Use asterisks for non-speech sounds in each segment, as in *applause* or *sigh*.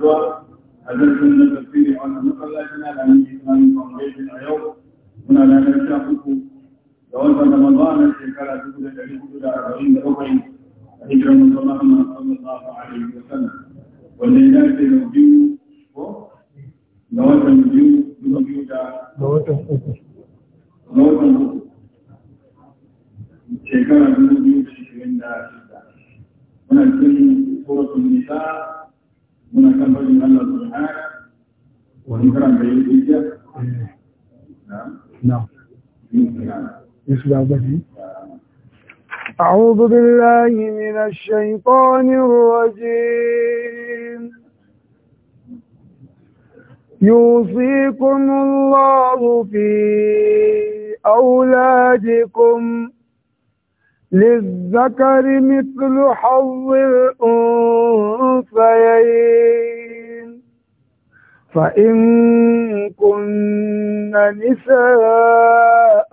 zuwa a zarfin na tafsiri na lamin yau muna ranar sha uku shekara dubu da da da da da da da muna cikin suratul nisa muna kan bari Allah subhanahu wani karan da yake jiya na أعوذ بالله من الشيطان الرجيم يوصيكم الله في أولادكم للذكر مثل حظ الأنثيين فإن كن نساء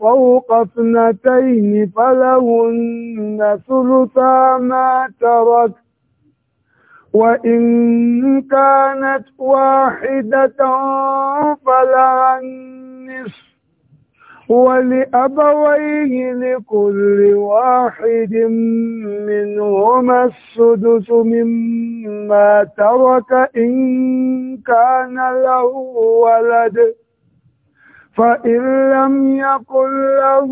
فوق اثنتين فلهن ثلثا ما ترك وإن كانت واحدة فلها النصف ولأبويه لكل واحد منهما السدس مما ترك إن كان له ولد فإن لم يكن له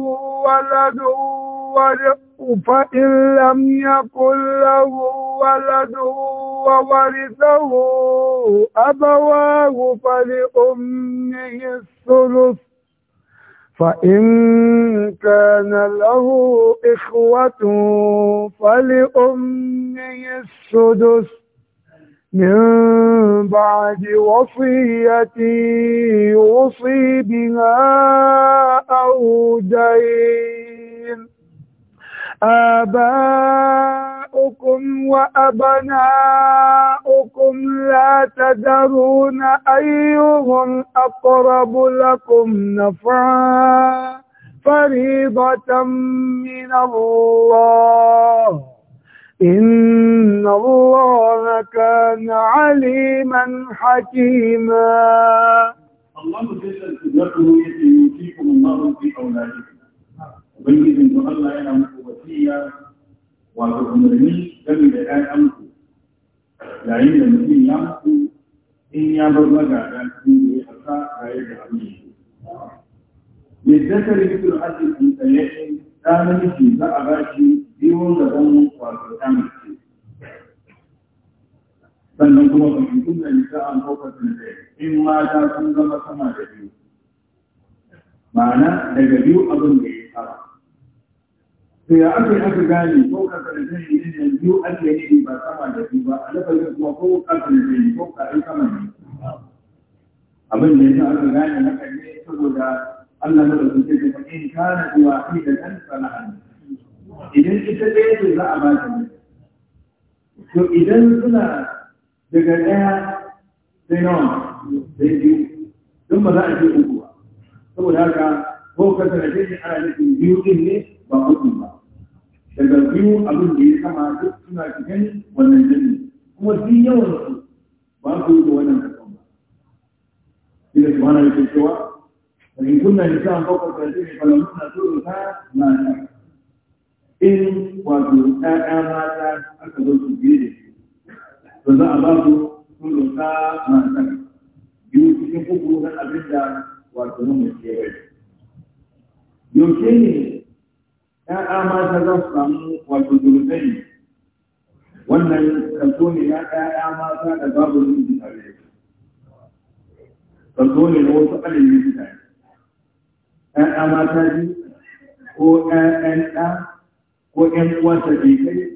ولد فإن لم يكن له ولد وورثه أبواه فلأمه الثلث فإن كان له إخوة فلأمه السدس من بعد وصية يوصي بها أو دين آباؤكم وأبناؤكم لا تدرون أيهم أقرب لكم نفعا فريضة من الله إن الله كان عليما حكيما الله جل وعلا يقول يوصيكم الله في أولادكم أن الله يعلم wasiya wato umarni game da ƴaƴanku yayin da mutum ya mutu in ya bar magada cikin da ya hasa raye da aminci. Yadda rikitar asibitin tsaye ta namiji za a ba shi biyun da zan wato ta mace. Sannan kuma fahimtun da nisa an kofar da in mata sun zama sama da biyu. Ma'ana daga biyu abin da ya fara. to ya aka yi aka gane ko ka karanta ne ne biyu ake yi ba sama da shi ba a lafazin kuma ko ka karanta ne ko ka yi sama ne abin da ya aka gane haka ne saboda Allah madaukakin sarki fa in kana wahidan falahan idan ita ɗaya ce za a ba ta ne to idan suna daga ɗaya sai nawa sai biyu don ba za a ce uku ba saboda haka ko ka karanta ne ana nufin biyu ɗin ne ba uku ba daga biyu abin da ya kama duk suna cikin wannan jini kuma shi yawan su ba su da wannan kasan ba shi da subhana yake cewa in kunna nisan fokar karfi ne falamun na so ta na ta in wato ƴaƴa mata aka zo su biye da shi to za a ba su sun ta na ta biyu cikin uku na abin da wato mun ke yau yaushe ne ‘ya'ya mata za su samu wato zurgai wannan kanto ne na ‘ya'ya mata da babu zuci tare kanto ne na wasu alimin tare ‘ya'ya mata ji ko ‘ya'yan ɗa ko ‘yan uwa ta kai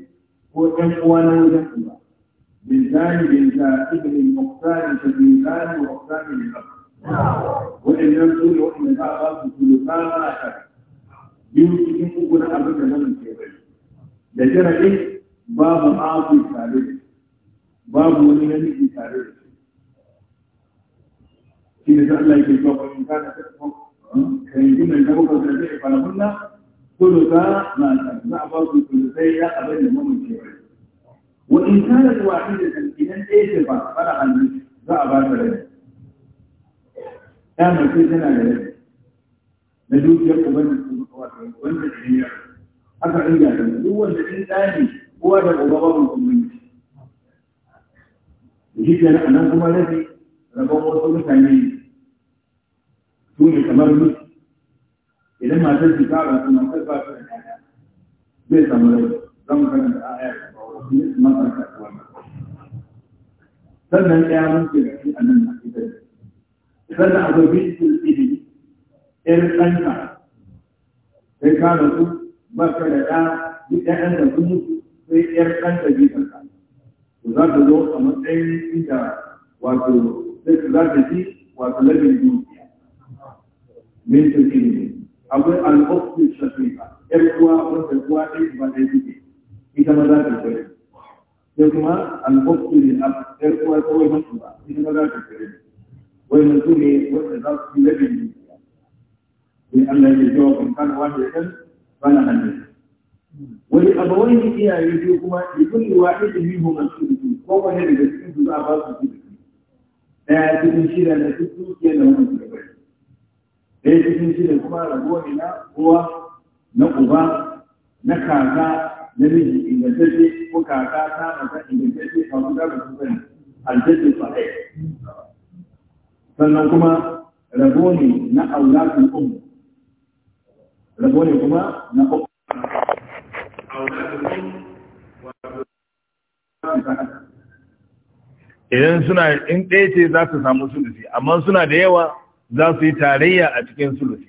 ko ‘yan uwa na wajen uba بالثاني بالذات ابن المختار سبيلان ومختار الأرض وإن ينزل وإن الأعراف a أشد biyu cikin uku na abin da nan ke bari da jiraɗi babu abu tare da babu wani namiji tare da shi shi ne Allah yake cewa ba in kana ta kan yi nan da kuka da zai fara kunna kullu za na ta za a ba su kullu sai ya abin da mun ke bari wa in kana wahidatan idan ɗaya ce ba fara hannu za a ba ta rai ya mace tana da rai na dukiyar ubangiji wato wanda da aka duk wanda ɗin ɗani uwa da gobe babu kullum shi ke nan anan kuma rabi rabon wasu mutane su ne kamar mu idan matar su fara su matar ba su da ɗaya zai samu rabi zan karanta ayar ba wasu ne su mafarka sannan ɗaya mun ce shi a nan na ita sannan akwai bisu ibi ɗan ɗanka sai ka ku ba ka da ɗa duk ɗan da sun sai ɗan ɗan da bi ka to za ta zo a matsayin inda wato sai za ta ji wato labin dukiya min ta shi ne akwai al'ofi shafi'a ƴar kuwa wanda kuwa ɗan ba ɗan suke ita ma za ta kare sai kuma al'ofin ne a ƴar kuwa kawai mutu ba ita ma za ta kare wai mutu ne wanda za su yi labin dukiya in Allah ya jawo kan kan wanda ya bana hannu wani abawai ne iyaye biyu kuma da kulli wahid minhum su sulhu ko wani daga cikin su za a ba su sulhu daya cikin shida na cikin ke da wani sulhu daya cikin shida kuma rabuwa ne na uwa na uba na kaka na miji ingantacce ko kaka ta mata ingantacce a wanda ba su sani aljaddu sahih sannan kuma rabo ne na aulatun umma rabo ne kuma na idan suna in ɗaya ce za su samu sulusi amma suna da yawa za su yi tarayya a cikin sulusi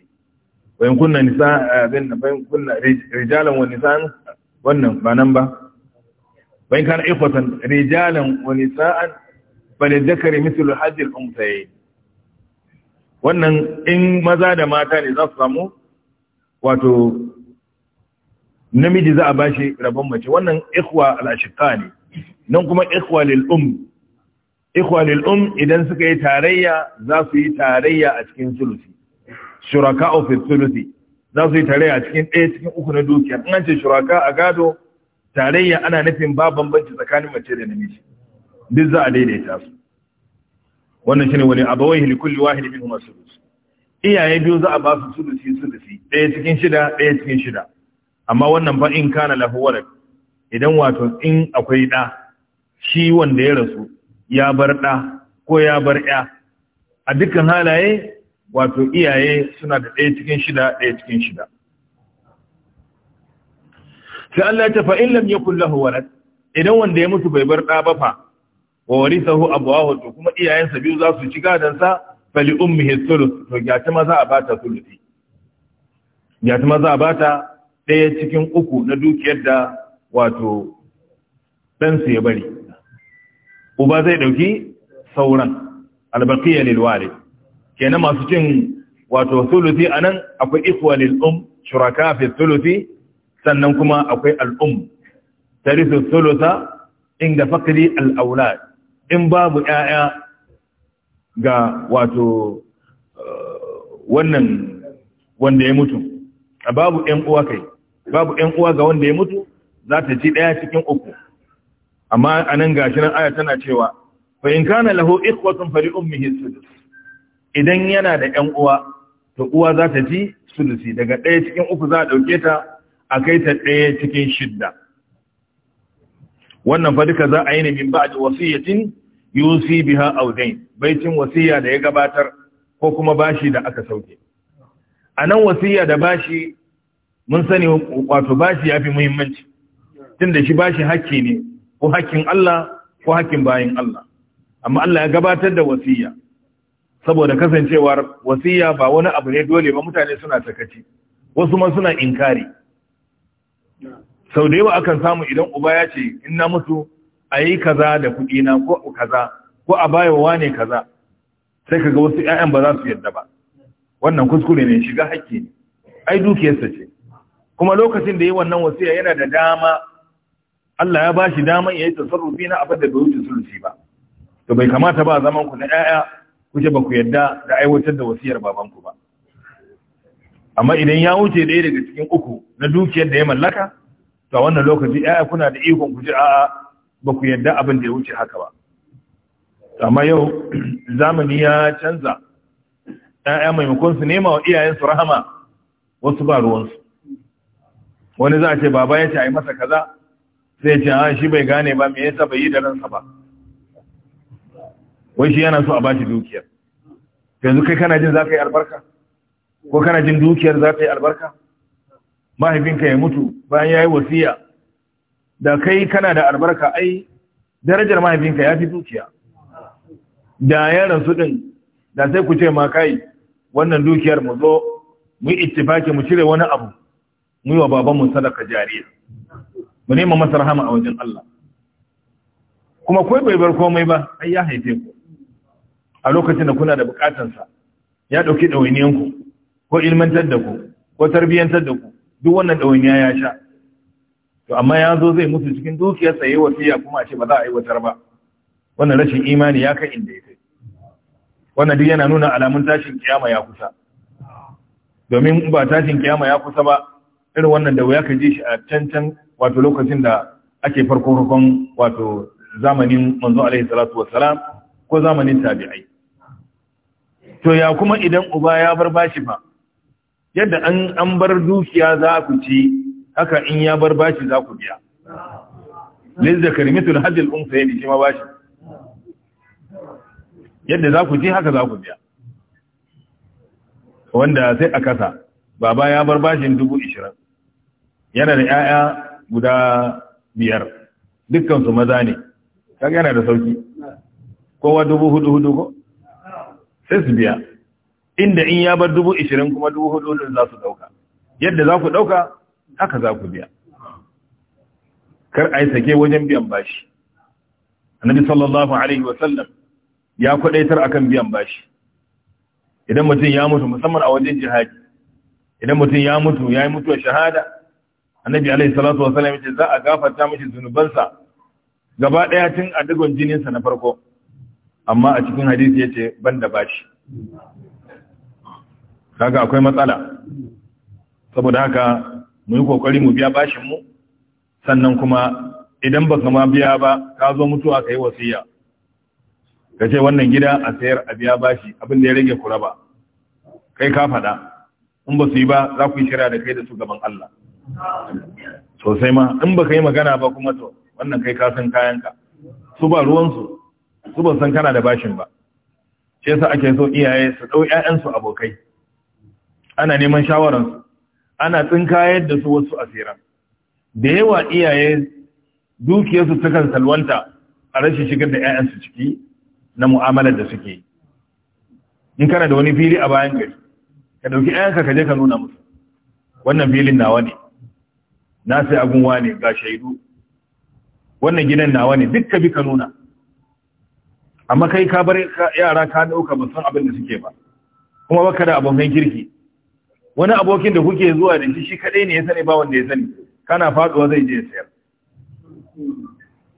bayan kunna nisa abin da bayan kunna rijalan wani sa'an wannan ba nan ba bayan kana ikwatan rijalan wa nisa'an bane zakari misul hajjil umsayi wannan in maza da mata ne za su samu wato namiji za a bashi rabon mace wannan ikhwa al ne nan kuma ikhwa lil'um ikhwa lil idan suka yi tarayya za su yi tarayya a cikin sulusi Shuraka of sulusi za su yi tarayya a cikin ɗaya cikin uku na dukiya in an ce shuraka a gado tarayya ana nufin ba bambanci tsakanin mace da namiji duk za a daidaita su wannan shine wani abawai li kulli wahid minhum as-sulus iyaye biyu za a ba su sulusi sulusi ɗaya cikin shida ɗaya cikin shida amma wannan fa in kana lahu walad idan wato in akwai ɗa shi wanda ya rasu ya bar ɗa ko ya bar ya a dukkan halaye wato iyaye suna da ɗaya cikin shida ɗaya cikin shida sai Allah ya tafa in lam yakul lahu walad idan wanda ya mutu bai bar ɗa ba fa wa warithahu abawahu to kuma iyayensa biyu za su ci gadansa fali ummihi thuluth to gyata maza a bata thuluthi gyata maza a bata ɗaya cikin uku na dukiyar da wato ɗansu ya bari uba zai ɗauki sauran albaqiya lil walid kenan masu cin wato a nan? akwai ikhwa lil um shuraka fi thuluthi sannan kuma akwai al um tarithu thulutha inda faqri al aulad in babu 'ya'ya. ga wato uh, wannan wanda ya mutu babu ɗan uwa kai babu ɗan uwa ga wanda ya mutu za ta ci ɗaya cikin uku amma anan gashi nan aya tana cewa fa in kana lahu ikhwatun fali ummihi sudus idan yana da ɗan uwa to uwa za ta ci sudusi daga ɗaya cikin uku za a ɗauke ta a kai ta ɗaya cikin shidda wannan fa duka za a yi ne min ba'd wasiyatin yusi biha audain baitin wasiya da ya gabatar ko kuma bashi da aka sauke a wasiya da bashi mun sani wato bashi ya muhimmanci tunda shi bashi hakki ne ko hakkin Allah ko hakkin bayin Allah amma Allah ya gabatar da wasiya saboda kasancewar wasiya ba wani abu ne dole ba mutane suna takaci, wasu ma suna inkari sau da yawa akan samu idan uba ya ce in na mutu a yi kaza da kuɗi na ko kaza ko a bayowa ne kaza sai kaga wasu ƴaƴan ba za su yadda ba wannan kuskure ne shiga hakki ne ai dukiyarsa ce kuma lokacin da yi wannan wasiya yana da dama Allah ya ba shi daman ya yi tasarrufi na abin da bai wuce sulusi ba to bai kamata ba zaman ku na ƴaƴa kuke ba ku yadda da aiwatar da wasiyar babanku ba amma idan ya wuce ɗaya daga cikin uku na dukiyar da ya mallaka to a wannan lokaci ƴaƴa kuna da ikon ku ji a'a ba ku yadda abin da ya wuce haka ba amma yau *clears throat* zamani ya canza Ya'ya maimakon su nema wa iyayensu rahama wasu ba ruwansu wani za a ce baba ya ce a yi masa kaza sai ce a ah, shi bai gane ba mai yasa bai yi da ransa ba wai shi yana so a bashi dukiyar yanzu kai kana jin za ka yi albarka ko kana jin dukiyar za ta yi albarka mahaifinka ya mutu bayan ya yi wasiya da kai kana da albarka ai darajar mahaifinka ya fi dukiya da ya rasu din da sai ku ce ma kai wannan dukiyar mu zo mu ittifaki mu cire wani abu mu yi wa baban mu sadaka jariya mu nema masa rahama a wajen Allah kuma kai bai bar komai ba ai ya haife ku a lokacin da kuna da bukatansa ya dauki dawainiyanku ko ilmantar da ku ko tarbiyantar da ku duk wannan dawainiya ya sha to amma ya zo zai mutu cikin dukiyar tsaye wasiya kuma ce ba za a aiwatar ba wannan rashin imani ya kai inda ya kai wannan duk yana nuna alamun tashin kiyama ya kusa domin ba tashin kiyama ya kusa ba irin wannan da wuya ka ji shi a cancan wato lokacin da ake farko rukun wato zamanin manzo alaihi salatu wassalam ko zamanin tabi'ai to ya kuma idan uba ya bar bashi fa yadda an an bar dukiya za ku ci haka in ya bar bashi za ku biya lil zakari mithlu hadil unsayn shi ma bashi yadda za ku ji haka za ku biya wanda sai a kasa baba ya bar bashin dubu ishirin yana da 'ya'ya guda biyar dukkansu maza ne kaga yana da sauki kowa dubu hudu hudu ko sai su biya inda in ya bar dubu ishirin kuma dubu hudu hudu za su dauka yadda za ku dauka aka za ku biya kar a yi sake wajen biyan bashi annabi sallallahu alaihi wasallam ya kwadaitar akan biyan bashi idan mutum ya mutu musamman a wajen jihadi idan mutum ya mutu ya yi mutuwar shahada annabi alaihi salatu wasallam yace za a gafarta mishi zunubansa gaba daya tun a digon jininsa na farko amma a cikin hadisi yace banda bashi kaga akwai matsala saboda haka mu yi kokari mu biya bashin mu sannan kuma idan baka ma biya ba ka zo mutuwa kai wasiya ka ce wannan gida a sayar a biya bashi abin da ya rage kura ba kai ka faɗa in ba su yi ba za ku yi shirya da kai da su gaban Allah sosai ma in ba ka yi magana ba kuma to wannan kai ka san kayanka su ba ruwansu su ba san kana da bashin ba shi yasa ake so iyaye su ɗau 'ya'yansu abokai ana neman shawararsu ana tsinkayar da su wasu asira da yawa iyaye dukiyarsu sukan salwanta a rashin shigar da 'ya'yansu ciki na mu'amalar da suke in kana da wani fili a bayan gari ka ɗauki 'ya'yanka ka je ka nuna musu wannan filin nawa ne na sai agunwa ne ga shaidu wannan gidan nawa ne duk ka bi ka nuna amma kai ka bar yara ka ɗauka ba abin da suke ba kuma baka da abokan kirki wani abokin da kuke zuwa da shi kadai ne ya sani ba wanda ya sani kana faduwa zai je sayar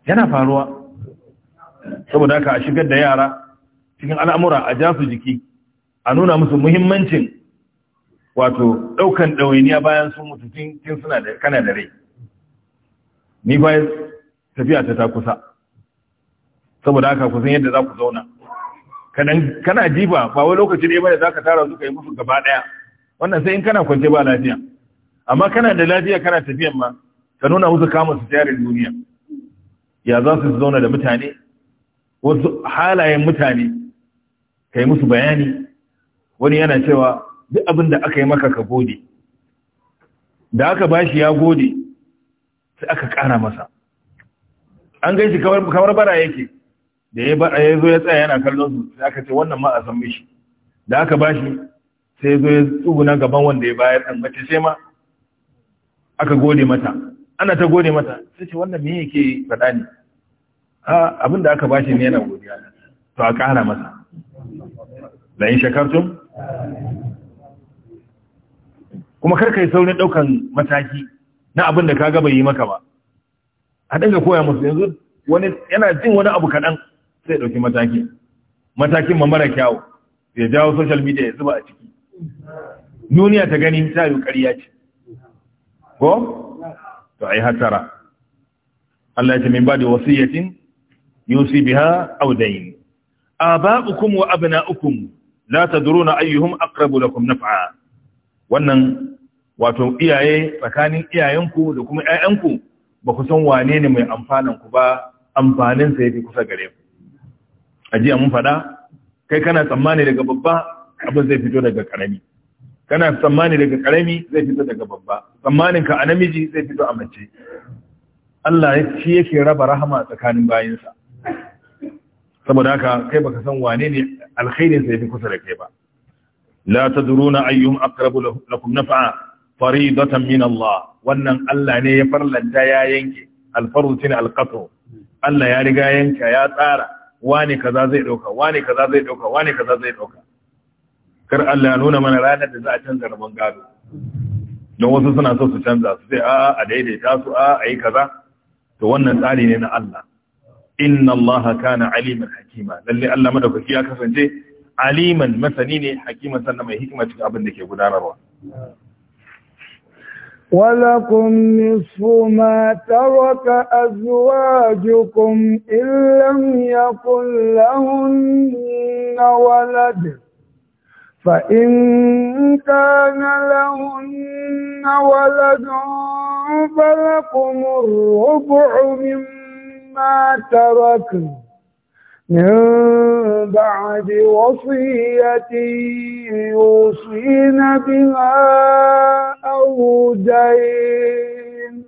yana faruwa saboda haka a shigar da yara cikin al'amura a ja jiki a nuna musu muhimmancin wato daukan ɗawainiya bayan sun mutu tun suna da kana da rai ni bayan tafiya ta ta kusa saboda haka kusan yadda za ku zauna kana jiba ba wani lokaci ne bane za ka tara su ka yi musu gaba ɗaya wannan sai in kana kwance ba lafiya amma kana da lafiya kana tafiyan ma ka nuna musu kama su tayar duniya ya za su zauna da mutane wasu halayen mutane ka yi musu bayani wani yana cewa duk abin da aka yi maka ka gode da aka ba shi ya gode sai aka kara masa an gaishe kamar bara yake da ya zo ya tsaya yana kallon su sai aka ce wannan ma a san mishi da aka ba shi. sai zo ya tsuguna gaban wanda ya bayar ɗan mace sai ma aka gode mata ana ta gode mata sai ce wannan me yake faɗa ne abin da aka bashi ne yana godiya to a ƙara masa da yin shakartun kuma karka yi saurin ɗaukan mataki na abin da kaga bai yi maka ba a ɗaga koya musu yanzu wani yana jin wani abu kaɗan sai ɗauki mataki matakin ma mara kyawu ya jawo social media ya zuba a ciki duniya ta gani ta yi ƙarya ce ko to ai hatara Allah ya ce min ba'di wasiyatin yusi biha aw dayn aba'ukum wa abna'ukum la tadruna ayyuhum aqrabu lakum naf'a wannan wato iyaye tsakanin iyayenku da kuma 'ya'yanku, ba ku san wane ne mai amfanan ku ba amfanin sa fi kusa gare ku ajiya mun fada kai kana tsammani daga babba abin zai fito daga karami kana tsammani daga karami zai fito daga babba tsammanin ka a namiji zai fito a mace Allah ya ci yake raba rahama tsakanin bayinsa saboda haka kai baka san wane ne alkhairin sa yafi kusa da kai ba la tadruna ayyuhum aqrabu lakum naf'a faridatan min Allah wannan Allah ne ya farlanta ya yanke alfarutin alqatr Allah ya riga yanka ya tsara wane kaza zai dauka wane kaza zai dauka wane kaza zai dauka kar Allah ya nuna mana ranar da za a canza rabon gado don wasu suna so su canza su sai a'a a daidaita su a'a a yi kaza to wannan tsari ne na Allah inna Allah kana aliman hakima lalle Allah madaukaki ya kasance aliman masani ne hakiman sannan mai hikima cikin abin da ke gudanarwa ولكم نصف ما ترك أزواجكم إن لم يكن لهن ولد فإن كان لهن ولد فلكم الربع مما ترك من بعد وصية يوصين بها أو دين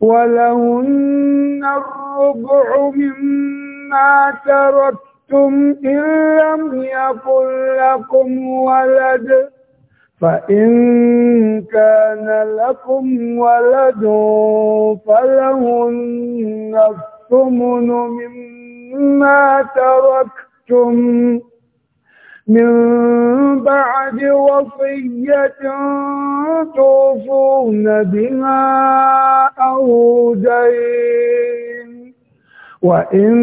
ولهن الربع مما ترك أنتم إن لم يكن لكم ولد فإن كان لكم ولد فلهن الثمن مما تركتم من بعد وصية توفون بها أو دين وإن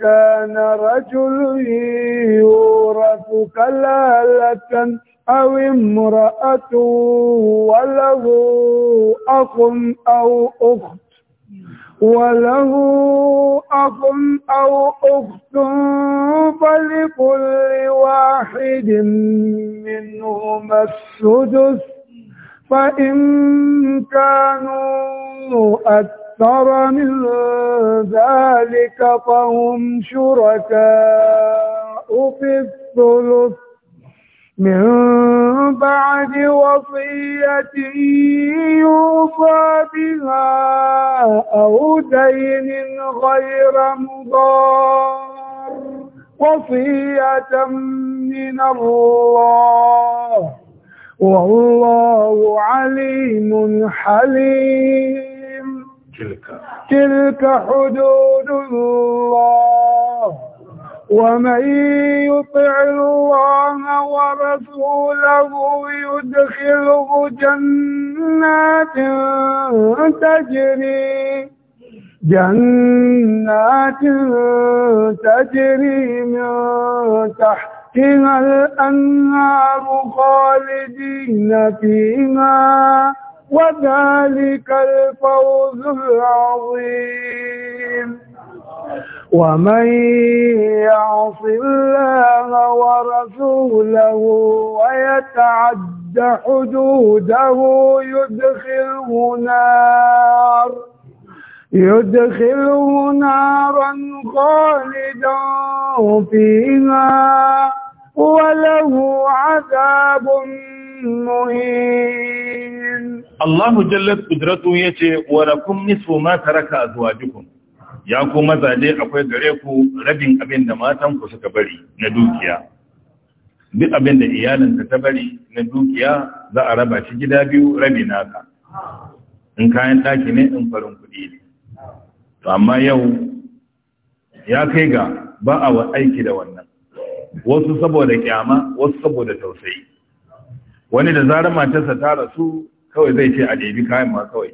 كان رجل يورث كلالة أو امرأة وله أخ أو أخت وله أخ أو أخت فلكل واحد منهما السدس فإن كانوا أكثر أكثر من ذلك فهم شركاء في الثلث من بعد وصية يوصى بها أو دين غير مضار وصية من الله والله عليم حليم تلك تلك حدود الله ومن يطع الله ورسوله يدخله جنات تجري جنات تجري من تحتها الأنهار خالدين فيها وذلك الفوز العظيم ومن يعص الله ورسوله ويتعد حدوده يدخله نار يدخله نارا خالدا فيها وله عذاب muhin Allahu jalla qudratu yace wa lakum nisfu ma taraka azwajukum ya ku mazaje akwai gare ku rabin abin da matan ku suka bari na dukiya duk abin da iyalinka ta bari na dukiya za a raba shi gida biyu rabi naka in kayan ɗaki ne in farin kuɗi ne to amma yau ya kai ga ba a aiki da wannan wasu saboda kyama wasu saboda tausayi wani da zarar matarsa ta rasu kawai zai ce a ɗebi kayan ma kawai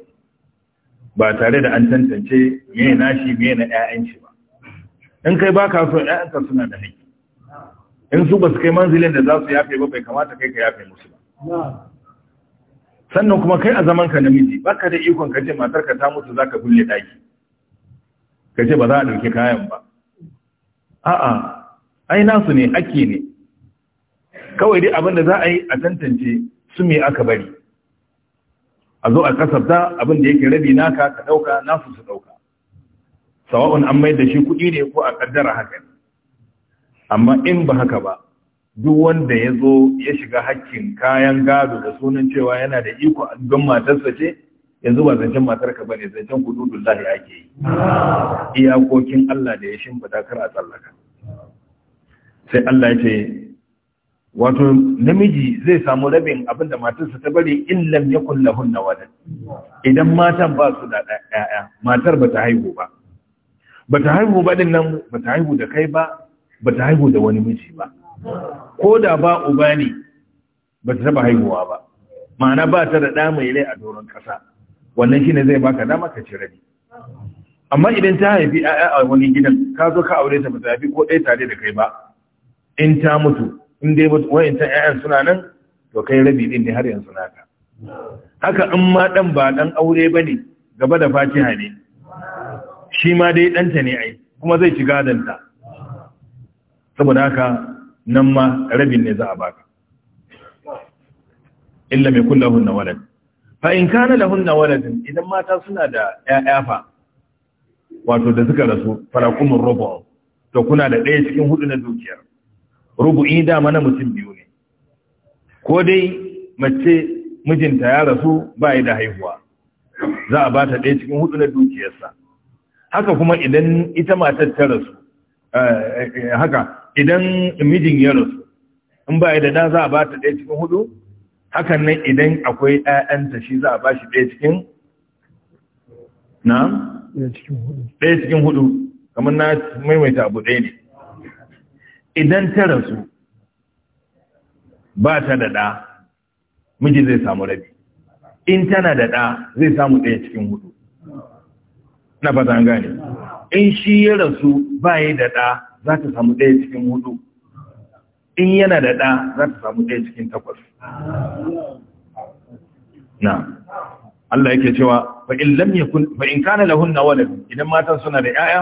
ba tare da an tantance me na shi me na ƴaƴan ba in kai ba ka so ƴaƴanka suna da haƙƙi in su ba su kai manzilin da za su yafe ba bai kamata kai ka yafe musu ba sannan kuma kai a zaman ka namiji ka da ikon ka ce matarka ta mutu za ka bulle daki ka ce ba za a ɗauki kayan ba a'a ai nasu ne ake ne kawai dai abin da za a yi a tantance su me aka bari a zo a kasafta abin da yake rabi naka ka dauka nasu su dauka sawa'un an mai da shi kuɗi ne ko a kaddara haka ne amma in ba haka ba duk wanda ya zo ya shiga hakkin kayan gado da sunan cewa yana da iko a gan matarsa ce yanzu ba zancen matarka ba ne zancen kudu dullahi ake yi iyakokin Allah da ya shimfa takar a tsallaka sai Allah ya ce wato namiji zai samu rabin abin da matarsa ta bari in lam yakun lahun walad idan matan ba su da ɗaya matar ba ta haihu ba ba ta haihu ba din nan ba ta haihu da kai ba ba ta haihu da wani miji ba ko da ba uba ne ba ta taba haihuwa ba ma'ana ba ta da ɗa mai rai a doron ƙasa wannan shine zai baka dama ka ci rabi amma idan ta haifi 'ya'ya a wani gidan ka zo ka aure ta ba ta haifi ko ɗaya tare da kai ba in ta mutu in dai ta ƴaƴan suna nan to kai rabi din ne har yanzu naka haka in ma dan ba dan aure bane gaba da fatiha ne shi ma dai danta ne ai kuma zai ci gadanta saboda haka nan ma rabin ne za a baka illa mai kullahun na walad fa in kana lahun na waladin idan mata suna da ƴaƴa fa wato da suka rasu farakumur rubu to kuna da ɗaya cikin hudu na dukiyar rubu'i dama na mutum biyu ne ko dai mace mijinta ya rasu ba da haihuwa za a ba ta ɗaya cikin hudu na dukiyarsa haka kuma idan ita matar ta rasu eh, eh, haka idan mijin ya rasu in ba da ɗa za a ba ta ɗaya cikin hudu hakan nan idan akwai ɗayanta shi za a ba shi ɗaya cikin na? ɗaya cikin hudu kamar na maimaita abu ɗaya ne idan ta rasu ba ta da ɗa miji zai samu rabi in tana da ɗa zai samu ɗaya cikin hudu na ba zan gane in shi ya rasu ba ya da ɗa za ta samu ɗaya cikin hudu in yana da ɗa za ta samu ɗaya cikin takwas na Allah yake cewa fa in lam yakun fa in kana lahun walad idan matan suna da 'ya'ya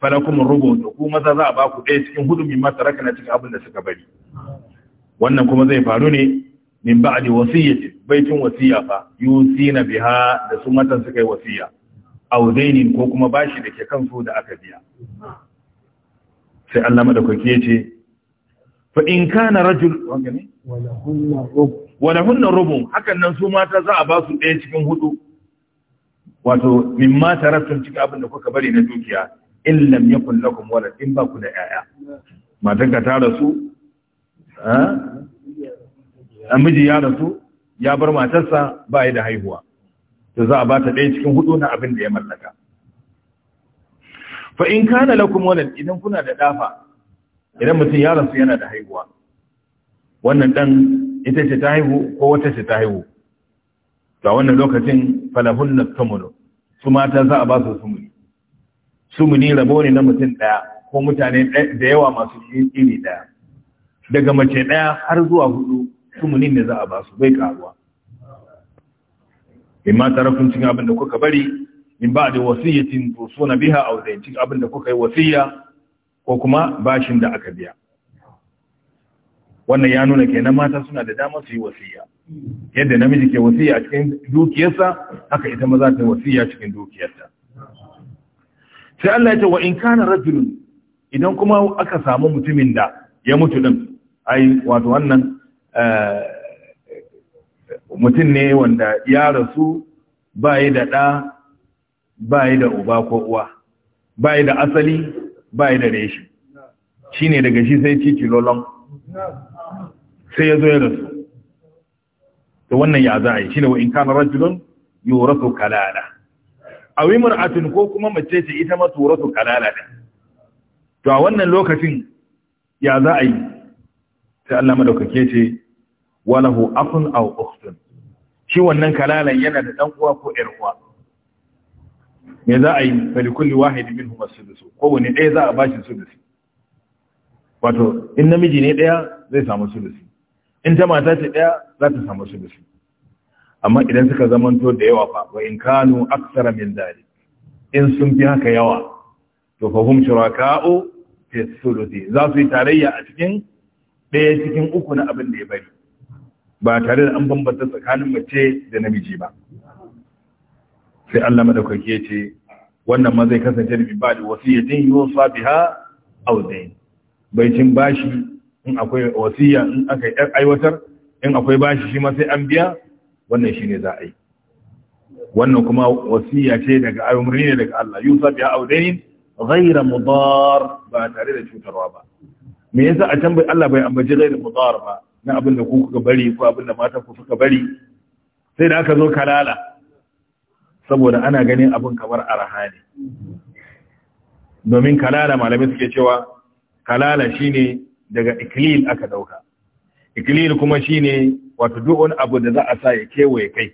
falakum rubu da ku maza za a ba ku ɗaya cikin hudu min mata taraka na cikin abin da suka bari wannan kuma zai faru ne min ba'di wasiyyati baitin wasiya fa yusina biha da su matan suka yi wasiya aw daini ko kuma bashi da ke kansu da aka biya sai Allah madaukaki yace fa in kana rajul wanga ne wala hunna rubu hakan nan su mata za a ba su ɗaya cikin hudu wato min mata tarattum cikin abin da kuka bari na dukiya in lam yakun lakum walad in ba ku da yaya matan ka ta rasu eh amiji ya rasu ya bar matarsa ba ya da haihuwa to za a ba ta ɗaya cikin hudu na abin da ya mallaka fa in kana lakum walad idan kuna da dafa idan mutum ya rasu yana da haihuwa wannan dan ita ce ta haihu ko wata ce ta haihu to a wannan lokacin falahun na su mata za a ba su sumuni sumuni rabo ne na mutum ɗaya ko mutane da yawa masu iri ɗaya daga mace ɗaya har zuwa hudu sumunin ne za a ba su bai karuwa in ma tarafin abin da kuka bari in ba da wasiyyatin to so na biha a wajen cin abin da kuka yi wasiyya ko kuma bashin da aka biya wannan ya nuna kenan mata suna da dama su yi wasiyya yadda namiji ke wasiyya a cikin dukiyarsa haka ita maza ta wasiyya cikin dukiyarta sai Allah ya ce wa in kana rajul idan kuma aka samu mutumin da ya mutu din ai wato wannan eh, mutum ne wanda ya rasu bai da ɗa bai da uba ko uwa bai da asali bai da reshi shine daga shi sai ci lolon sai ya zo ya rasu to wannan ya za a yi shine wa in kana rajul yurasu kalala aw imra'atun ko kuma mace ce ita ma suratu kalala din to a wannan lokacin ya za a yi sai Allah madaukake ce walahu akhun aw ukhtun shi wannan kalalan yana da dan uwa ko ƴar uwa me za a yi fa likulli wahid minhum as Ko wani ɗaya za a bashi sudus wato in namiji ne ɗaya zai samu sudus in ta mata ce ɗaya za ta samu sudus amma idan suka zamanto da yawa fa wa in kanu aksara min dali in sun fi haka yawa to fa hum shuraka'u fi thuluthi za su yi tarayya a cikin ɗaya cikin uku na abin da ya bari ba tare da an bambanta tsakanin mace da namiji ba sai Allah madaukaki ya ce wannan ma zai kasance da bibadi wasiyatin yusa biha aw dayn cin bashi in akwai wasiya in aka aiwatar in akwai bashi shi ma sai an biya wannan shine za a yi wannan kuma wasiya ce daga umarni ne daga Allah yusa ya audani ghayra mudar ba tare da cutarwa ba me yasa a can bai Allah bai ambaci ghayra mudar ba na abin da ku kuka bari ko abin da matan ku suka bari sai da aka zo kalala saboda ana ganin abin kamar araha ne domin kalala malamai suke cewa kalala shine daga iklil aka dauka iklil kuma shine wato duk wani abu da za a sa ya kewaye kai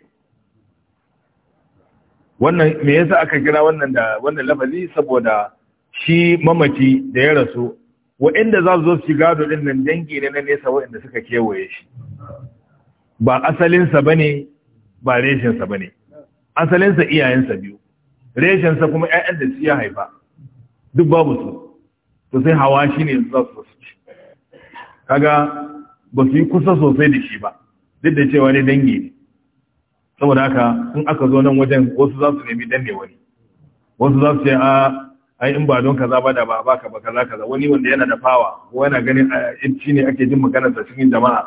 wannan me yasa aka kira wannan da wannan lafazi saboda shi mamaci da ya rasu wa'inda za su zo su gado din nan dangi ne na nesa wanda suka kewaye shi ba asalinsa ba ne ba reshensa ba ne asalinsa iyayensa biyu reshensa kuma 'ya'yan da su ya haifa duk babu su to sai hawa shi za su su ci kaga ba su yi kusa sosai da shi ba duk da cewa ne dangi ne saboda haka in aka zo nan wajen wasu za su nemi danne wani wasu za su ce a ai in ba don kaza ba da ba baka ba kaza kaza wani wanda yana da fawa ko yana ganin ibci ne ake jin magana sa cikin jama'a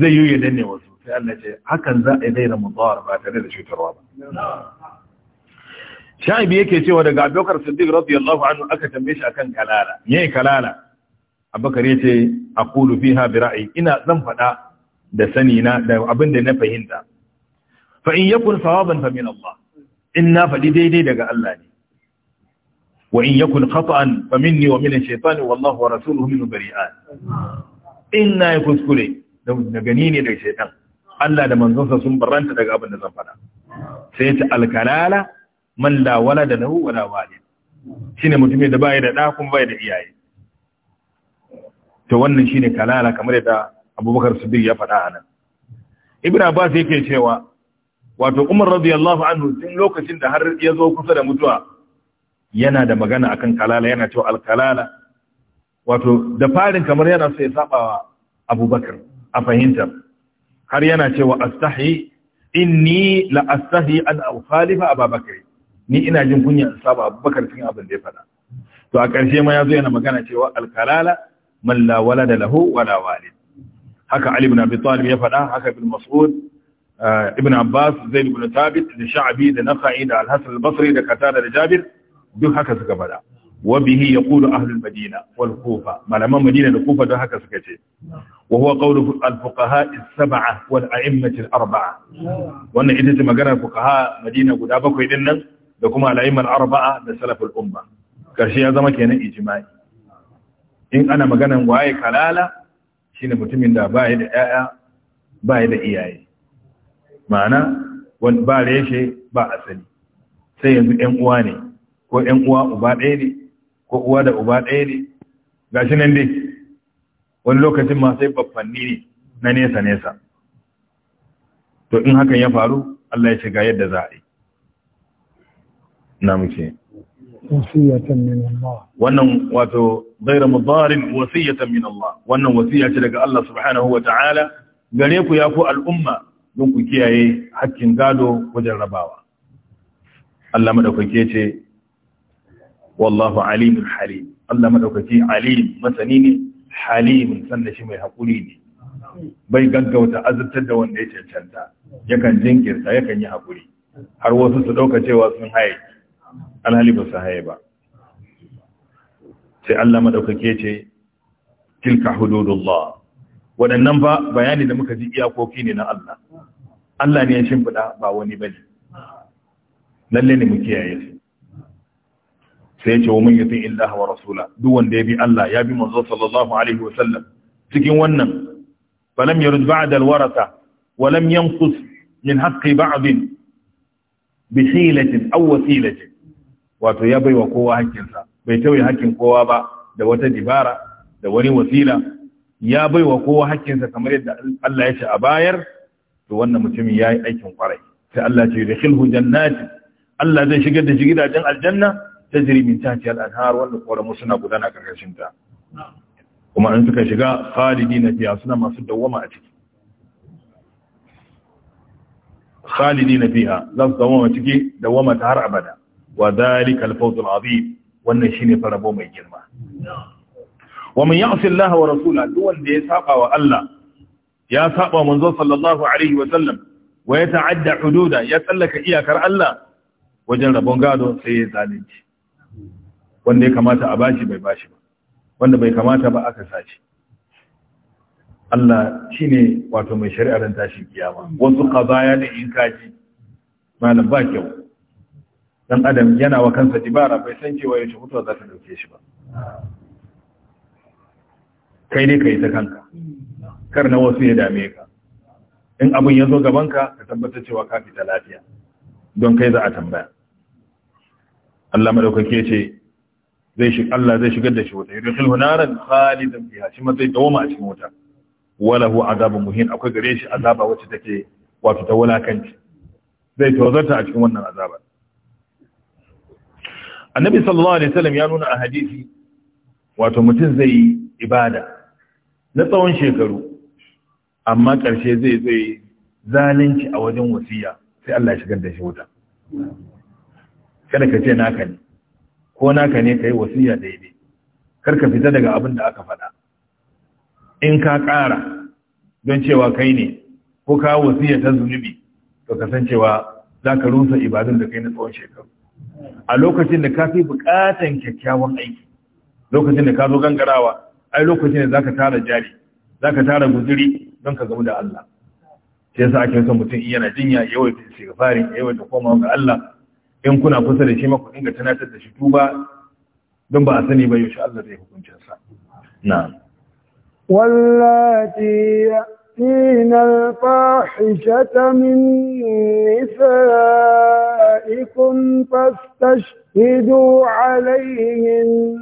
zai yi ya danne wasu sai Allah ce hakan za a yi gaira mutawar ba tare da cutarwa ba sha'ibi yake cewa daga abokar siddiq radiyallahu anhu aka tambaye shi akan kalala yayi kalala abubakar yace aqulu fiha bi ra'yi ina zan fada da sani na da abin da na fahimta fa in yakun sawaban fa min Allah in na faɗi daidai daga Allah ne wa in yakun khata'an fa minni wa min ash-shaytan wallahu wa rasuluhu min bari'an in na kuskure daga ni ne daga shaytan Allah da manzonsa sun barranta daga abin da zan faɗa sai ta al alkalala man la wala da lahu wala walid shine mutumin da bai da da kuma bai da iyaye to wannan shine kalala kamar da abubakar siddiq ya faɗa anan ibn abbas yake cewa wato umar radiyallahu anhu tun lokacin da har ya zo kusa da mutuwa yana da magana akan kalala yana cewa alkalala wato da farin kamar yana so ya saba abubakar a fahimtar har yana cewa astahi inni la astahi an ukhalifa abubakar ni ina jin kunya in saba abubakar cikin abin da ya faɗa to a ƙarshe ma ya zo yana magana cewa alkalala man la walada lahu wala walid haka Ali ibn Abi Talib ya faɗa haka Ibn Mas'ud eh, Ibn Abbas Zaid ibn Thabit da Sha'bi da Nakhai da Al-Hasan al-Basri da Qatada da Jabir duk haka suka faɗa wa bihi yaqulu ahlul madina wal kufa malaman madina da kufa don haka suka ce wa huwa qawlu al fuqaha as sab'a wal al arba'a wannan ita ce maganar fuqaha madina guda bakwai din nan da kuma al arba'a da salaful umma karshe ya zama kenan ijma'i in ana maganar waye kalala shine mutumin da ba ya da ƴaƴa ba da iyaye ma'ana ba reshe ba asali sai yanzu ƴan uwa ne ko ƴan uwa uba ɗaya ne ko uwa da uba ɗaya ne gashi nan dai wani lokacin ma sai baffanni ne na nesa nesa to in hakan ya faru Allah ya shiga yadda za a yi na muke wasiyatan min Allah wannan wato ghayr mudarin wasiyatan min Allah wannan wasiya ce daga Allah subhanahu wa ta'ala gare ku ya ku al'umma don ku kiyaye hakkin gado wajen rabawa Allah madaukake ce wallahu alimul halim Allah madaukake alim masani ne halim sanna shi mai hakuri ne bai gaggauta azabtar da wanda ya cancanta yakan jinkirta yakan yi hakuri har wasu su dauka cewa sun haye alhali ba su ba sai Allah madaukake ce tilka hududullah waɗannan ba bayani da muka ji iyakoki ne na Allah Allah ne ya shimfiɗa ba wani bane lalle ne mu kiyaye su sai ce wa mun yuti illaha wa rasula duk wanda ya bi Allah ya bi manzo sallallahu alaihi wa sallam cikin wannan falam yarud ba'da alwarata wa lam yanqus min haqqi ba'd bi hilatin aw wasilatin wato ya baiwa kowa hakkinsa bai tauye hakkin kowa ba da wata dibara da wani wasila ya baiwa kowa hakkinsa kamar yadda Allah ya ce a bayar to wannan mutumin ya yi aikin kwarai sai Allah ce da yudkhilhu jannati Allah zai shigar da shi gidajen aljanna ta tajri min tahtiha al-anhar wanda koramu suna gudana karkashin ta kuma an suka shiga khalidina fiha suna masu dawwama a ciki khalidina fiha za su dawwama ciki dawwama ta har abada wa dhalika al-fawz al-azim wannan shine farabo mai girma wa man ya'si Allah wa rasulahu duk wanda ya saba wa Allah ya saba manzo sallallahu alaihi wa sallam wa ya ta'adda hududa ya tsallaka iyakar Allah wajen rabon gado sai ya zalunci wanda ya kamata a bashi bai bashi ba wanda bai kamata ba aka sashi Allah shine wato mai shari'ar tashin kiyama wasu qadaya da in kaji malam ba kyau dan adam yana wa kansa dibara bai san cewa yaushe mutuwa za ta dauke shi ba kai ne yi ta kanka kar na wasu ya dame ka in abin ya zo gabanka ka tabbatar cewa ka fita lafiya don kai za a tambaya Allah madaukake ce zai shi Allah zai shigar da shi wuta yudkhilhu naran khalidan fiha shi ma zai dawoma a cikin wuta walahu azabu muhin akwai gare shi azaba wacce take wato ta wulakanci zai tozarta a cikin wannan azabar annabi sallallahu alaihi wasallam ya nuna a hadisi wato mutum zai yi ibada na tsawon shekaru amma ƙarshe zai zai zalunci a wajen wasiya sai Allah ya shigar da shi wuta kada ka ce naka ne ko naka ne ka yi wasiya daidai kar ka fita daga abin da aka faɗa in ka ƙara don cewa kai ne ko ka wasiya ta zunubi to kasancewa za ka rusa ibadun da kai na tsawon shekaru a lokacin da ka fi bukatan kyakkyawan aiki lokacin da ka zo gangarawa ai lokacin da zaka tara jari zaka tara guziri don ka gamu da Allah sai yasa ake son mutum yana jinya yawaita yawa da koma ga Allah in kuna kusa da shi ma ku dinga tunatar da shi tuba don ba a sani ba yaushe Allah zai hukuncinsa na'am wallahi يأتين الفاحشة من نسائكم فاستشهدوا عليهن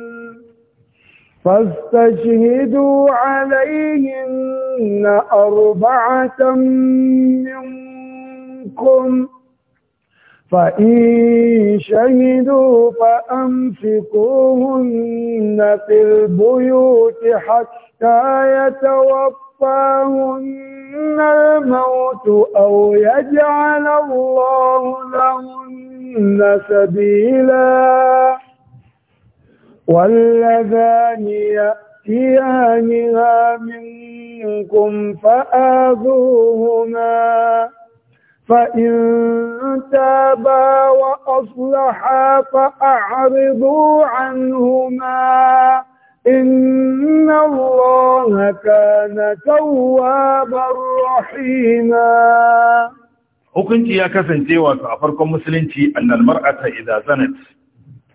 فاستشهدوا عليهن أربعة منكم فإن شهدوا فأمسكوهن في البيوت حتى يتوفوا يتوفاهن الموت أو يجعل الله لهن سبيلا واللذان يأتيانها منكم فآذوهما فإن تابا وأصلحا فأعرضوا عنهما إن الله كان توابا رحيما hukunci ya kasance wato a farkon musulunci annal mar'ata idza zanat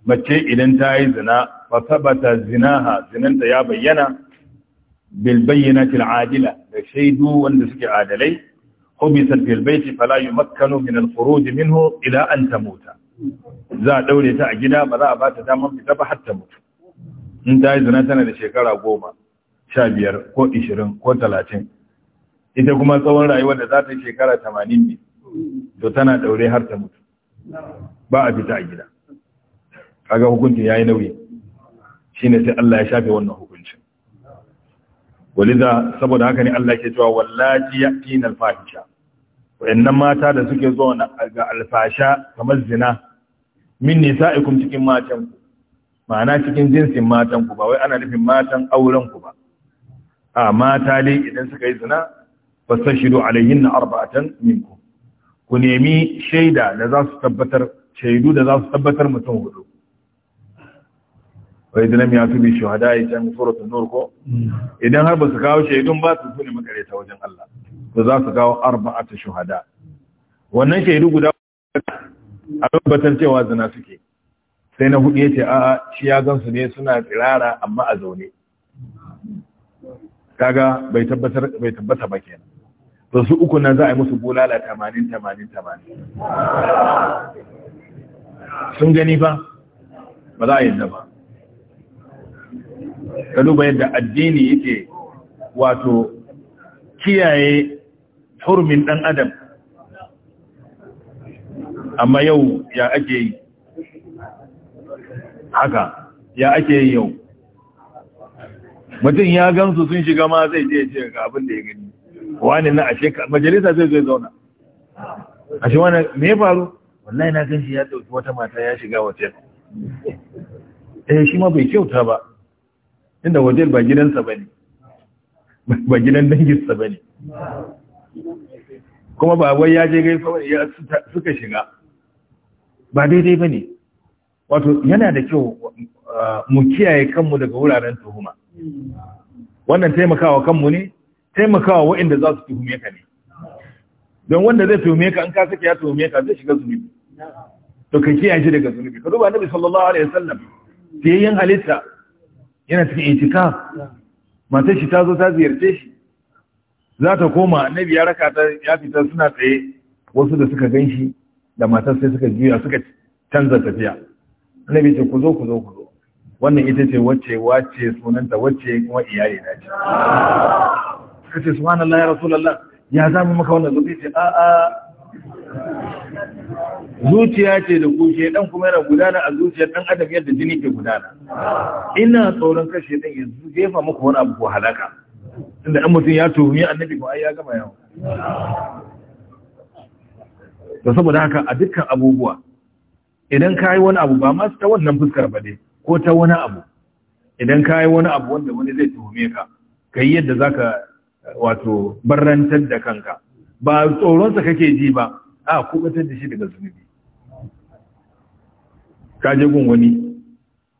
mace idan ta yi zina fa tabata, zinaha zinanta ya bayyana bil bayyinati adila da shaidu wanda suke adalai hubisat bil baiti fala yumakkanu min al khuruj minhu ila an tamuta za a daure ta a gida ba za a bata damar fita ba har ta mutu in ta yi zina tana da shekara goma sha biyar ko ishirin ko talatin ita kuma tsawon rayuwar da za ta yi shekara tamanin ne to tana ɗaure har ta mutu ba a fita a gida kaga hukuncin ya yi nauyi shine sai Allah ya shafe wannan hukuncin waliza saboda haka ne Allah ke cewa wallahi yatin alfahisha wayannan mata da suke zuwa ga alfasha kamar zina min nisa'ikum cikin matan ku ma'ana cikin jinsin matan ku ba wai ana nufin matan auren ku ba a mata ne idan suka yi zina fastashidu na arba'atan minku ku nemi shaida da za su tabbatar shaidu da za su tabbatar mutum hudu wai mai ya bi shuhada ya can suratul nur ko idan har ba su kawo shaidun ba su sune makareta wajen Allah to za su kawo arba'atan shuhada wannan shaidu guda a tabbatar cewa zina suke sai na hudu ce a'a shi ya gansu ne suna tsirara amma a zaune kaga bai tabbatar bai tabbata ba kenan to su uku nan za a yi musu bulala 80 80 80 sun gani ba ba za a yadda ba ka duba yadda addini yake wato kiyaye hurmin dan adam amma yau ya ake yi haka ya ake yi yau mutum ya gansu sun shiga ma zai je ce ga abin da ya gani wani na ashe majalisa zai zai zauna ashe wani me ya faru wallahi na gan shi ya dauki wata mata ya shiga wajen eh shi ma bai kyauta ba inda wajen ba gidansa ba ne, ba gidan danginsa ne. kuma ba wai ya je gaisa suka shiga ba daidai ba ne. wato yana da kyau uh, mu kiyaye kanmu daga wuraren tuhuma wannan taimakawa kanmu ne taimakawa waɗanda za su tuhume ka ne don wanda zai tuhume ka an ka sake ya tuhume ka zai shiga zunubi to ka kiyaye shi daga zunubi ka duba annabi sallallahu alaihi wasallam yin halitta yana cikin itikaf matar shi ta zo ta ziyarce shi za ta koma annabi ya raka ta ya fita suna tsaye wasu da suka gan shi da matar sai suka juya suka canza tafiya annabi ce ku zo ku zo ku zo wannan ita ce wacce wacce sunanta wacce kuma iyali na ce ka ce subhanallah ya rasulullah ya zamu maka wannan zuci ce a a zuciya ce da kushe dan kuma yana gudana a zuciyar dan adam yadda jini ke gudana ina tsoron kashe dan ya jefa muku wani abu ko halaka inda dan mutum ya tuhumi annabi ko ai ya gama yawa to saboda haka a dukkan abubuwa idan ka yi wani abu ba masu ta wannan fuskar ba dai ko ta wani abu idan ka yi wani abu wanda wani zai tuhume ka ka yi yadda za ka wato barrantar da kanka ba tsoronsa kake ji ba a kubatar da shi daga zunubi ka je gun wani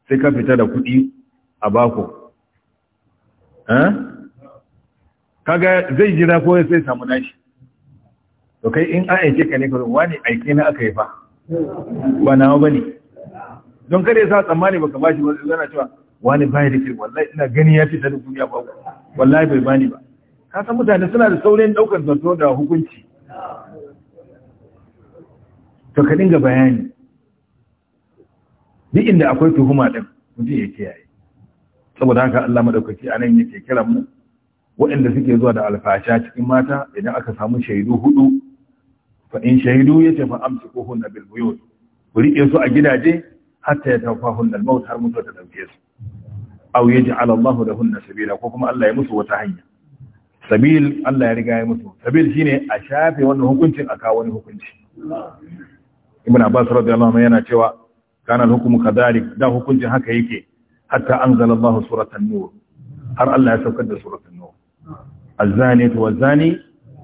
sai ka fita da kuɗi a bako kaga zai jira ko sai samu nashi to kai in an aike ka ne ka wani aike na aka yi ba ba na ba ne don kada ya sa tsammani baka bashi ba zana cewa wani bayan da ke, wallahi ina gani ya fita da duniya ba wallahi bai bani ba ka san mutane suna da saurin daukar zato da hukunci to ka dinga bayani duk inda akwai tuhuma din mutum ya kiyaye saboda haka Allah madaukaki anan yake kira mu waɗanda suke zuwa da alfasha cikin mata idan aka samu shaidu hudu fa in shahidu yace fa amsikuhunna bil buyut ku riƙe su a gidaje hatta ya tawfahunna al maut har mutuwa ta dauke su aw yaj'al Allahu lahunna sabila ko kuma Allah ya musu wata hanya sabil Allah ya riga ya musu sabil shine a shafe wannan hukuncin a kawo wani hukunci ibn abbas radiyallahu anhu yana cewa kana al-hukmu da hukuncin haka yake hatta anzala Allah suratan nur har Allah ya saukar da suratan nur az-zaniyatu waz-zani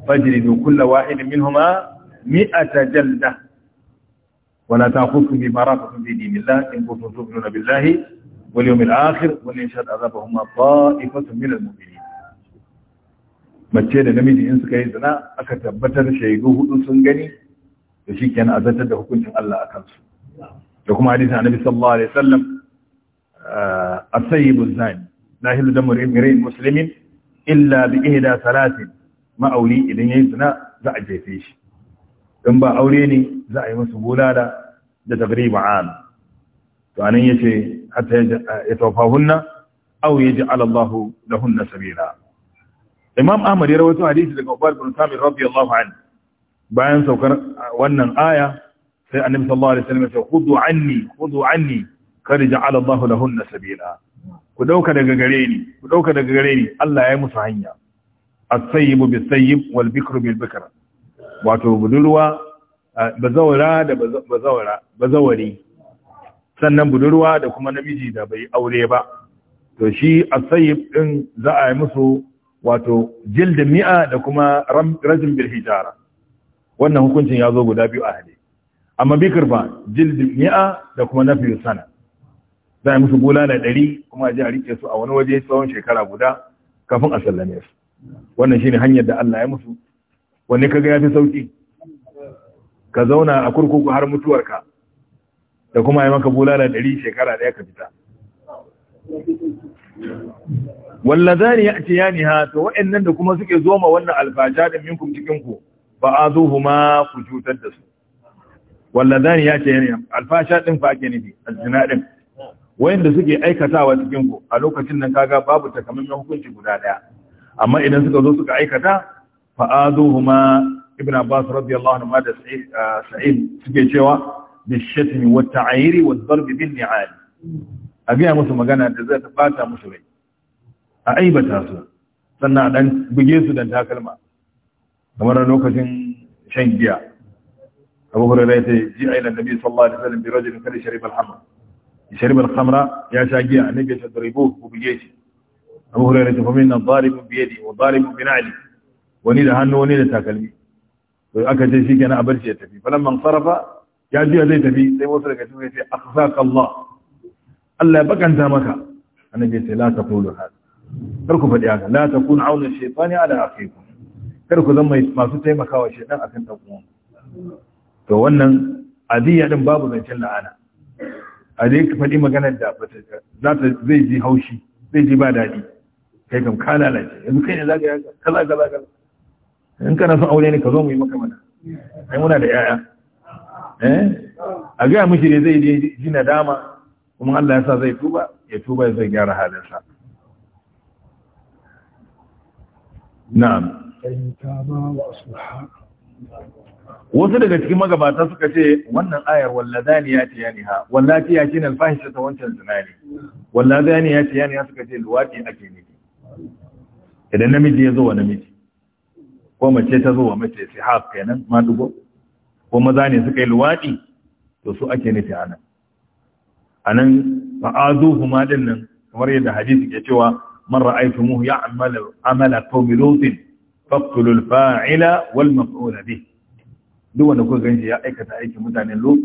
fajridu kulla wahidin minhumā mi'ata jalda wala ta'khudhukum bima ra'atum fi dinillahi in kuntum tu'minuna billahi wal yawmil akhir wal yashhad azabahum ta'ifatun min al-mu'minin mace da namiji in suka yi zina aka tabbatar shaidu hudu sun gani da shi kenan azantar da hukuncin Allah akan su da kuma hadisin annabi sallallahu alaihi wasallam as-sayyibu zani la hilu damu illa bi ihda salatin ma'auli idan yi zina za a jefe shi in ba aure ne za a yi musu bulala da tagriba an to anan yace hatta ya tawfahunna aw yaj'al Allahu lahunna sabila Imam Ahmad ya rawaito hadisi daga Ubar bin Samir radiyallahu anhu bayan saukar wannan aya sai annabi sallallahu alaihi wasallam ya ce khudhu anni khudhu anni kar ja'ala lahunna sabila ku dauka daga gare ni ku dauka daga gare ni Allah ya yi musu hanya as-sayyib bis-sayyib wal-bikru bil-bikra wato budurwa bazawara da bazawara bazawari sannan budurwa da kuma namiji da bai aure ba to shi asayib din za a yi musu wato jildin mi'a da kuma rajin bil hijara wannan hukuncin ya zo guda biyu a hade amma karfa, ba jildin mi'a da kuma nafiyu sana za a yi musu na ɗari kuma a ji a riƙe su a wani waje tsawon shekara guda kafin a sallame su wannan shine hanyar da Allah ya musu wanne kaga ya fi sauki ka zauna a kurkuku har mutuwarka da kuma yi maka bulala ɗari shekara ɗaya ka fita wallazani ya ce yani ha to wa'annan da kuma suke zoma wannan alfaja da minkum cikinku ba a zo ma ku cutar da su wallazani ya ce yani alfasha din fa ake nufi zina ɗin? wayanda suke aikatawa cikinku a lokacin nan kaga babu takamaiman hukunci guda daya amma idan suka zo suka aikata fa'aduhuma ibn abbas radiyallahu anhu da sa'id suke cewa bishatmi wa ta'ayiri wa darbi bin ni'al a gaya musu magana da zai bata musu rai a aibata su sannan dan buge su dan takalma kamar lokacin shan giya abu hurairai ta ji a ilan nabi sallallahu alaihi wasallam kada sharib al-hamr sharib al-khamra ya sha giya annabi ta daribu ku abu wani da hannu wani da takalmi to aka ce shi kenan a barci ya tafi falan man sarafa ya juya zai tafi sai wasu daga cikin ya ce akhsaka Allah Allah ya bakanta maka annabi ya ce la taqulu hada kar ku faɗi haka la takun auna shaytani ala akhikum kar ku zama masu taimakawa shaytan akan dan uwan to wannan adiya din babu zancen la'ana a dai ka faɗi maganar da za ta zai ji haushi zai ji ba daɗi kai kam ka lalace yanzu kai ne za ka yi haka kaza kaza kaza in kana son aure ne ka zo mu yi maka mana ai muna da yaya eh a ga mushi ne zai je ji nadama kuma Allah ya sa zai tuba ya tuba zai gyara halinsa na'am wasu daga cikin magabata suka ce wannan ayar walladani ya ce yani ha wallati ya kinal fahisha ta wancan zina ne walladani ya ce yani ha suka ce luwati ake ne idan namiji ya zo wa namiji ko mace ta zo wa mace sihab kenan madugo ko maza ne suka yi luwaɗi to su ake nufi a nan a nan ma din nan kamar yadda hadisi ke cewa man ra'aytu mu ya amala qaumi lutin faqtulul fa'ila wal maf'ul bih duk wanda kuka ganshi ya aikata aikin mutanen lut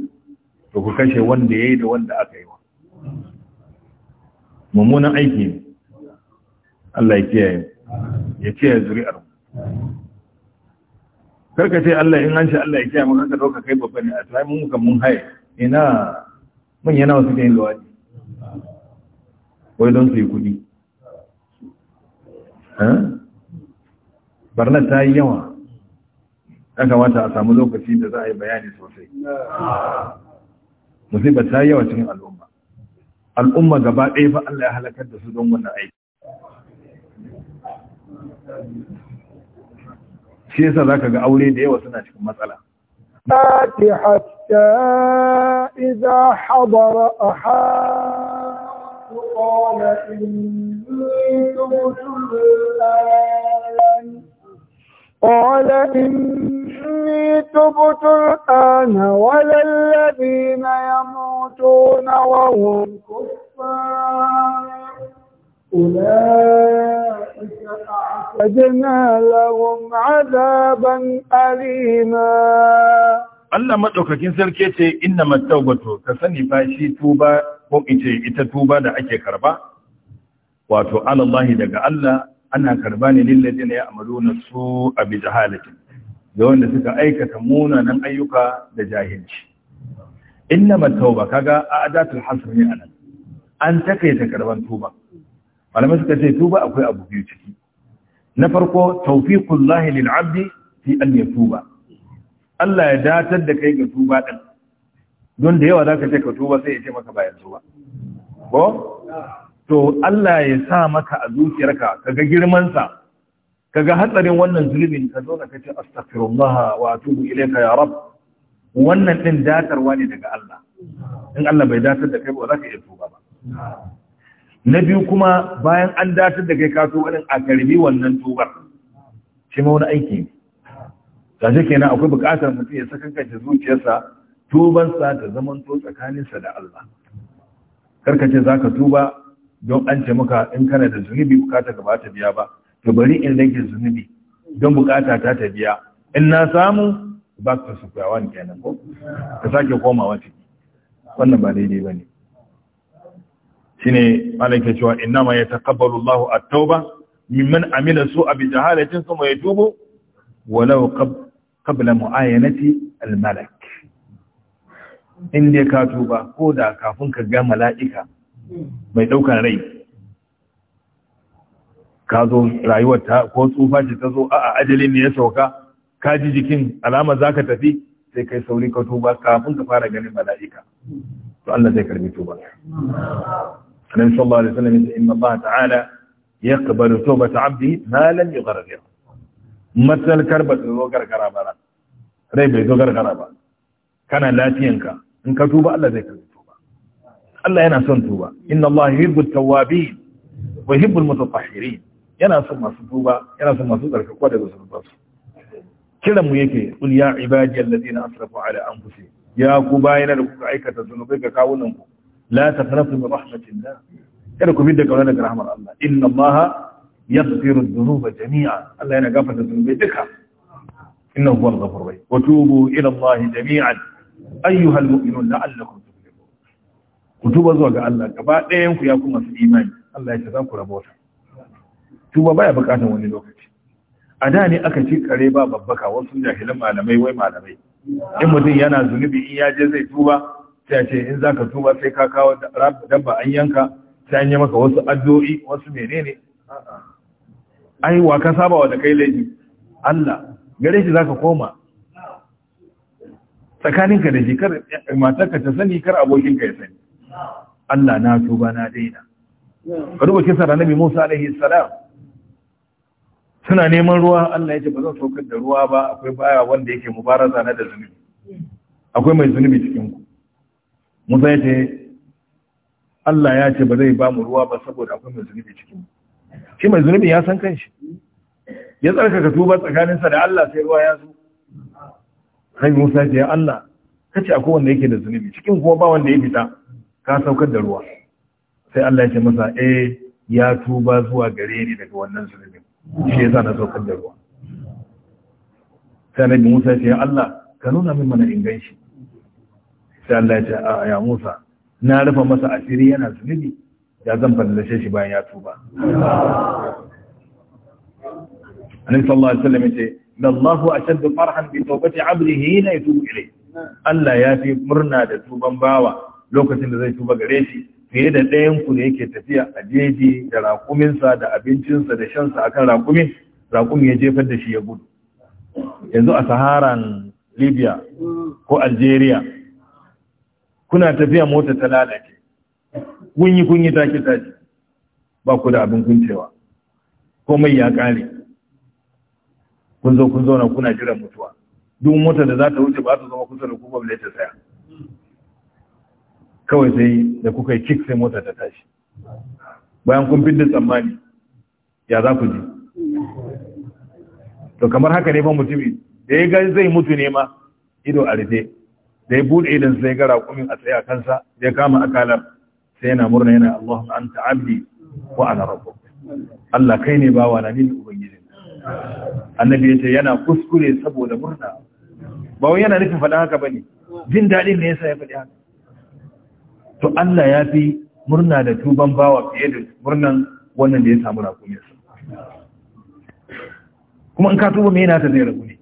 to ku kashe wanda yayi da wanda aka yi wa mummunan aiki ne Allah ya kiyaye ya kiyaye zuri'ar mu karka ce Allah in an shi Allah ya kiyaye maka dauka kai babba ne a tsaye mun kan mun haye ina mun yana wasu da yin wai don su yi kudi barna ta yi yawa ya kamata a samu lokaci da za a yi bayani sosai musibar ta yi yawa cikin al'umma al'umma gaba ɗaya fa Allah ya halakar da su don wannan aiki shi yasa zaka ga aure da yawa suna cikin matsala حتى إذا حضر أحد قال إني تبت الآن قال إني تبت الآن ولا الذين يموتون وهم كفار أولئك أعتدنا لهم عذابا أليما Allah maɗaukakin sarki ce inna mattaubatu ka sani fa shi tuba ko ce ita tuba da ake karba wato alallahi daga Allah ana karba ne lillazina ya'maluna su abi jahalati da wanda suka aikata munanan ayyuka da jahilci inna mattauba kaga a'datul hasr ne anan an takaita karban tuba malamai suka ce tuba akwai abu biyu ciki na farko tawfiqul lahi lil abdi fi an yatuba Allah ya datar da kai ga tuba din don da yawa zaka ce ka tuba sai ya ce maka bayan tuba ko to Allah ya sa maka a zuciyarka kaga girman sa kaga hatsarin wannan zulubin ka zo ka ce astaghfirullah wa atubu ilayka ya rab wannan din datarwa ne daga Allah in Allah bai datar da kai ba za ka iya tuba ba na biyu kuma bayan an datar da kai ka wani a karbi wannan tubar shi ma wani aiki ne shi kenan akwai bukatar mutum ya saka kanshi zuciyarsa tubansa ta zamanto tsakaninsa da Allah karkace ka tuba don an ce maka in kana da zunubi bukata ka biya ba to bari in rage zunubi don bukata ta ta biya in na samu ba ka sukuwa wani kenan ko ka sake komawa ciki wannan ba daidai bane shine malaka cewa innama yataqabbalu Allahu at-tauba mimman amila su'a bi jahalatin thumma yatubu walau qabla mu'ayanati al-malak inda ka tuba ko da kafin ka ga mala'ika mai daukan rai ka zo rayuwar ta ko tsufa ce ta zo a ajalin ne ya sauka ka ji jikin alama zaka tafi sai kai sauri ka tuba kafin ka fara ganin mala'ika to Allah zai karbi tuba النبي صلى الله عليه وسلم يقول إن الله تعالى يقبل توبة عبده ما لم يغرغر مثل كربة وغر غرابة ريب يغر غرابة كان لا تينك إن كتوب الله ذيك التوبة الله ينا سن توبة إن الله يحب التوابين ويحب المتطهرين ينا سن توبة ينا سن توبة كودا سن توبة كلا مو yake قل يا عبادي الذين اسرفوا على انفسهم يا كوباينا da kuka aikata zunubai ga kawunanku la taqrafu min da kada ku bidda kauna daga rahmar Allah inna Allah yaghfiru dhunuba jami'a Allah yana gafarta dhunubai duka inna huwa al-ghafur rahim wa tubu ila Allah jami'an ayyuha al-mu'minun la'allakum ku tuba zuwa ga Allah gaba ɗayan ku ya kuma su imani Allah ya ce za ku rabota tuba baya bukatar wani lokaci a da ne aka ci kare ba babbaka wasu jahilan malamai wai malamai in mutum yana zunubi in ya je zai tuba sai ce in za ka tuba sai ka kawo dabba an yanka sai an yi maka wasu addu'o'i wasu menene ai wa ka saba wa da kai laifi Allah gare shi ka koma tsakaninka da shi kar matarka ta sani kar abokinka ya sani Allah na tuba na daina ka duba kisa da Nabi Musa alaihi salam suna neman ruwa Allah ya ce ba zan saukar da ruwa ba akwai baya wanda yake mubaraza na da zunubi akwai mai zunubi cikin ku musa ya ce Allah ya ce ba zai ba mu ruwa ba saboda akwai mai zunubi cikin shi mai zunubi ya san kanshi ya tsarkaka tuba tsakaninsa da Allah sai ruwa ya zo sai Musa ce Allah kace akwai wanda yake da zunubi cikin kuma ba wanda ya fita ka saukar da ruwa sai Allah ya ce masa eh ya tuba zuwa gare ni daga wannan zunubin shi yasa na saukar da ruwa sai Nabi Musa ya ce Allah ka nuna min mana inganci sai Allah ya ce a ya Musa na rufe masa asiri yana zunubi ya zan fallashe shi bayan ya tuba annabi sallallahu alaihi wasallam yace lallahu ashaddu farhan bi tawbati 'abdihi la yatubu ilayhi Allah ya fi murna da tuban bawa lokacin da zai tuba gare shi fiye da ɗayan ku da yake tafiya a jeji da raƙuminsa da abincinsa da shansa akan raƙumin raƙumi ya jefar da shi ya gudu yanzu a saharan libya ko algeria kuna tafiya mota ta lalace Kunyi-kunyi take take ba ku da abin kuncewa komai ya kare kun zo kun zauna kuna jiran mutuwa duk mota da za ta wuce ba ta zama kusa da ku ba ta saya kawai sai da kuka yi kick sai mota ta tashi bayan kun fidda tsammani ya za ku ji to kamar haka ne fa mutumi da ya ga zai mutu ne ma ido a rufe da ya buɗe idan sai ga raƙumin a tsaye a kansa ya kama akalar sai yana murna yana Allahumma an ta'abdi ko ana rabu Allah kai ne bawa na nini ubangijin annabi yace yana kuskure saboda murna ba wai yana nufin faɗa haka bane jin daɗi ne yasa ya faɗi haka to Allah ya fi murna da tuban bawa fiye da murnan wannan da ya samu raƙuminsa kuma in ka tuba me yana ta zai rabu ne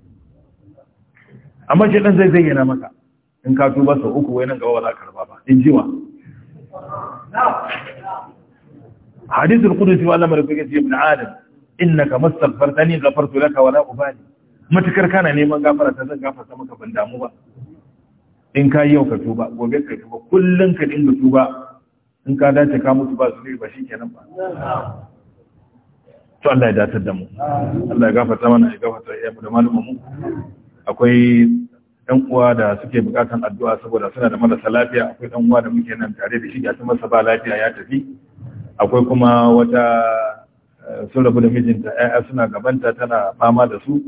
amma shi dan zai zayyana maka in ka tuba sau uku wai nan gaba ba za ka karba ba in jiwa hadisul qudusi wa lamar kuke ce ibn adam innaka mastaghfartani ghafartu laka wa la ubali matakar kana neman gafara ta zan gafarta maka ban damu ba in ka yau ka tuba gobe ka tuba kullun ka dinga tuba in ka dace ka mutu ba zuri ba shikenan ba to Allah ya datar da mu Allah ya gafarta mana ya gafarta ya mu da malumin mu akwai ɗan uwa da suke bukatan addu'a saboda suna da marasa lafiya akwai ɗan uwa da muke nan tare da shi ya ta masa ba lafiya ya tafi akwai kuma wata eh, sun rabu da mijinta ‘ya'ya suna gabanta tana fama da su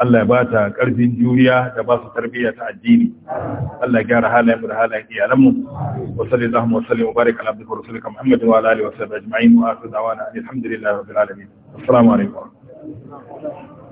Allah ya ba ta ƙarfin juriya da ba su tarbiyya ta addini Allah ya gyara halayen mu da halayen mu. wa salli zahum wa salli baraka ala abdika wa rasulika Muhammad wa ala alihi wa sahbihi ajma'in wa akhiru da'wana alhamdulillahi rabbil alamin assalamu alaikum